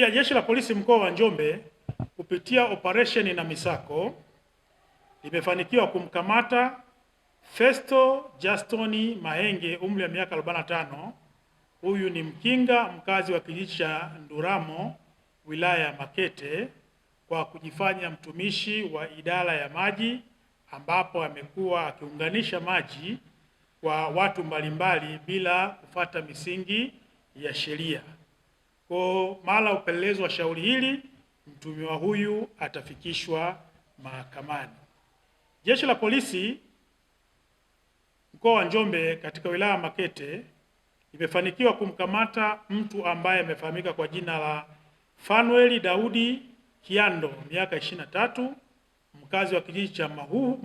Pia Jeshi la Polisi mkoa wa Njombe kupitia operesheni na misako limefanikiwa kumkamata Festo Justoni Mahenge umri wa miaka 45. Huyu ni Mkinga mkazi wa kijiji cha Nduramo wilaya ya Makete kwa kujifanya mtumishi wa idara ya maji ambapo amekuwa akiunganisha maji kwa watu mbalimbali bila kufata misingi ya sheria. Kwa mara upelelezi wa shauri hili, mtumiwa huyu atafikishwa mahakamani. Jeshi la polisi mkoa wa Njombe katika wilaya Makete imefanikiwa kumkamata mtu ambaye amefahamika kwa jina la Fanueli Daudi Kiando, miaka 23, mkazi wa kijiji cha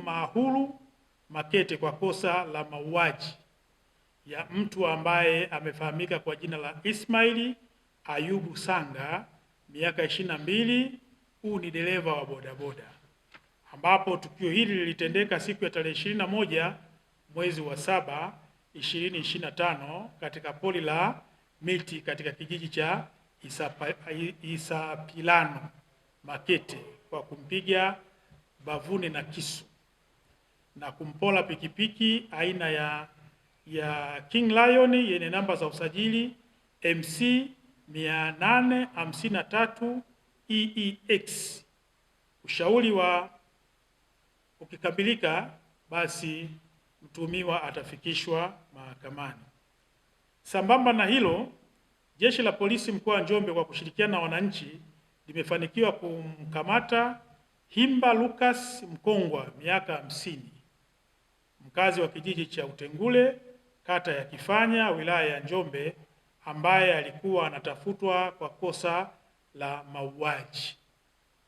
Mahuru Makete, kwa kosa la mauaji ya mtu ambaye amefahamika kwa jina la Ismaili Ayubu Sanga miaka ishirini na mbili. Huu ni dereva wa bodaboda, ambapo tukio hili lilitendeka siku ya tarehe ishirini na moja mwezi wa saba 2025 katika poli la miti katika kijiji cha Isapilano Makete kwa kumpiga bavune na kisu na kumpola pikipiki aina ya, ya King Lion yenye namba za usajili MC 853 EEX. Ushauri wa ukikamilika, basi mtuhumiwa atafikishwa mahakamani. Sambamba na hilo, Jeshi la Polisi mkoa wa Njombe kwa kushirikiana na wananchi limefanikiwa kumkamata Himba Lucas Mkongwa miaka hamsini, mkazi wa kijiji cha Utengule kata ya Kifanya wilaya ya Njombe ambaye alikuwa anatafutwa kwa kosa la mauaji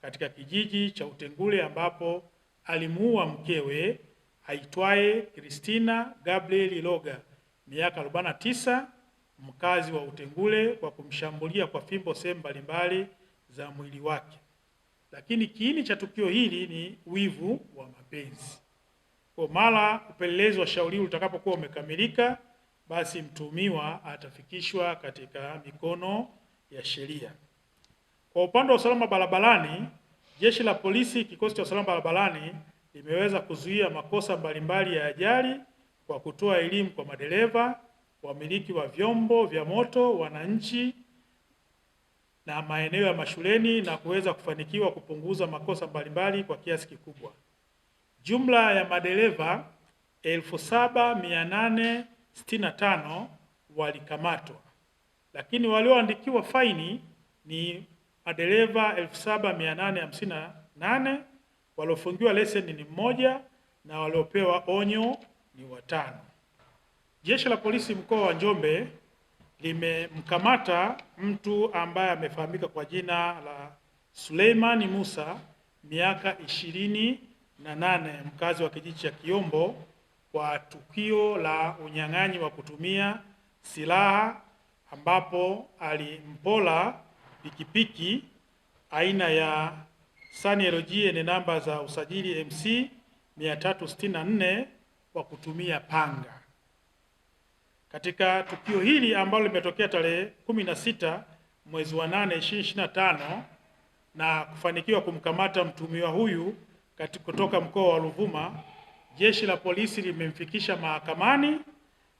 katika kijiji cha Utengule ambapo alimuua mkewe aitwaye Christina Gabriel Loga miaka 49 mkazi wa Utengule kwa kumshambulia kwa fimbo sehemu mbalimbali za mwili wake. Lakini kiini cha tukio hili ni wivu wa mapenzi. Kwa mara upelelezi wa shauri utakapokuwa umekamilika basi mtumiwa atafikishwa katika mikono ya sheria. Kwa upande wa usalama barabarani, jeshi la polisi, kikosi cha usalama barabarani limeweza kuzuia makosa mbalimbali ya ajali kwa kutoa elimu kwa madereva, wamiliki wa vyombo vya moto, wananchi na maeneo ya mashuleni na kuweza kufanikiwa kupunguza makosa mbalimbali kwa kiasi kikubwa. Jumla ya madereva elfu saba mia nane 65 walikamatwa, lakini walioandikiwa faini ni madereva 7858 waliofungiwa leseni ni mmoja na waliopewa onyo ni watano. Jeshi la polisi mkoa wa Njombe limemkamata mtu ambaye amefahamika kwa jina la Suleimani Musa miaka ishirini na nane mkazi wa kijiji cha Kiombo kwa tukio la unyang'anyi wa kutumia silaha ambapo alimpola pikipiki aina ya Sunny LG yenye namba za usajili MC 364 kwa kutumia panga. Katika tukio hili ambalo limetokea tarehe 16 mwezi wa 8 2025 na kufanikiwa kumkamata mtumiwa huyu kutoka mkoa wa Ruvuma jeshi la polisi limemfikisha mahakamani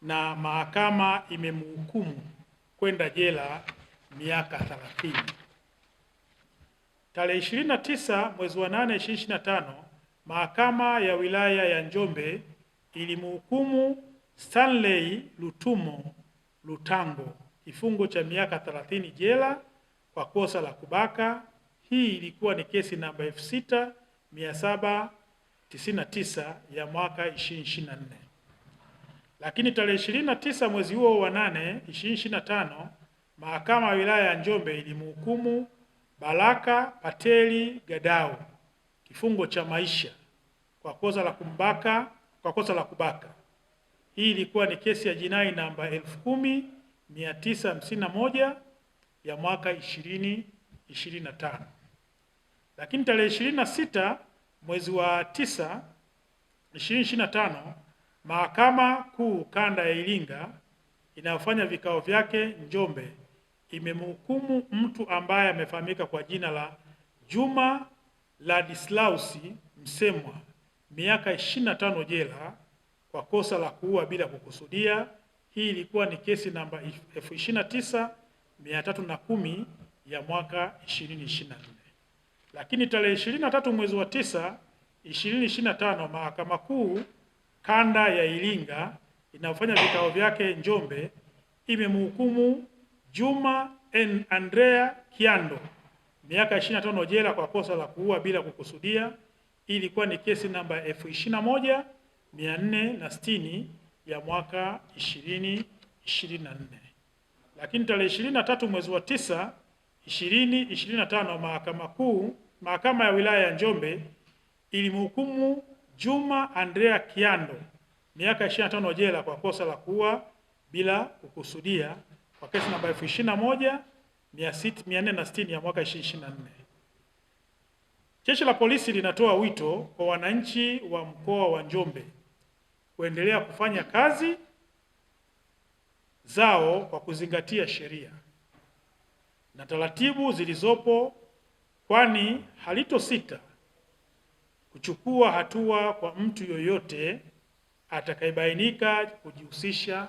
na mahakama imemhukumu kwenda jela miaka 30. Tarehe 29 mwezi wa 8 2025, mahakama ya wilaya ya Njombe ilimhukumu Stanley Lutumo Lutango kifungo cha miaka 30 jela kwa kosa la kubaka. Hii ilikuwa ni kesi namba 6700 99 ya mwaka 2024. Lakini tarehe 29 mwezi huo wa 8 2025, mahakama ya wilaya ya Njombe ilimhukumu Baraka Pateli Gadau kifungo cha maisha kwa kosa la kumbaka, kwa kosa la kubaka. Hii ilikuwa ni kesi ya jinai namba 10951 ya mwaka 2025. Lakini tarehe 26 mwezi wa tisa 2025 Mahakama Kuu Kanda ya Iringa inayofanya vikao vyake Njombe imemhukumu mtu ambaye amefahamika kwa jina la Juma Ladislausi Msemwa miaka 25 jela kwa kosa la kuua bila kukusudia. Hii ilikuwa ni kesi namba elfu na kumi ya mwaka 2024. Lakini tarehe ishirini na tatu mwezi wa tisa ishirini ishirini na tano Mahakama Kuu kanda ya Iringa inayofanya vikao vyake Njombe imemhukumu Juma N. Andrea Kyando miaka 25 jela kwa kosa la kuua bila kukusudia. Ilikuwa ni kesi namba elfu ishirini na moja mia nne na sitini ya mwaka 2024. Lakini tarehe 23 mwezi wa 9 2025 Mahakama Kuu Mahakama ya Wilaya ya Njombe ilimhukumu Juma Andrea kiando miaka 25 jela kwa kosa la kuua bila kukusudia kwa kesi namba 21460 ya mwaka 2024. Jeshi la polisi linatoa wito kwa wananchi wa mkoa wa Njombe kuendelea kufanya kazi zao kwa kuzingatia sheria na taratibu zilizopo kwani halitosita kuchukua hatua kwa mtu yoyote atakayebainika kujihusisha